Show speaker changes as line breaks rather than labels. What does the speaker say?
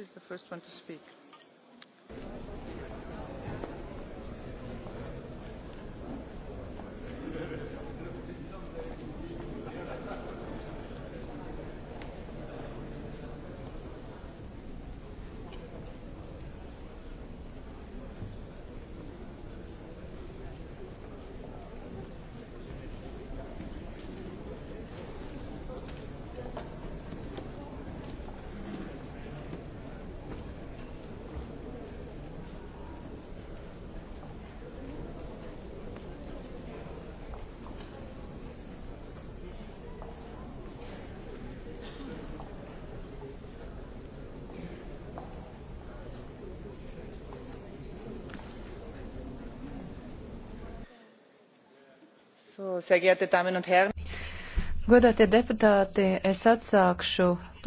is the first one to speak.
Godātie deputāti, es atsākšu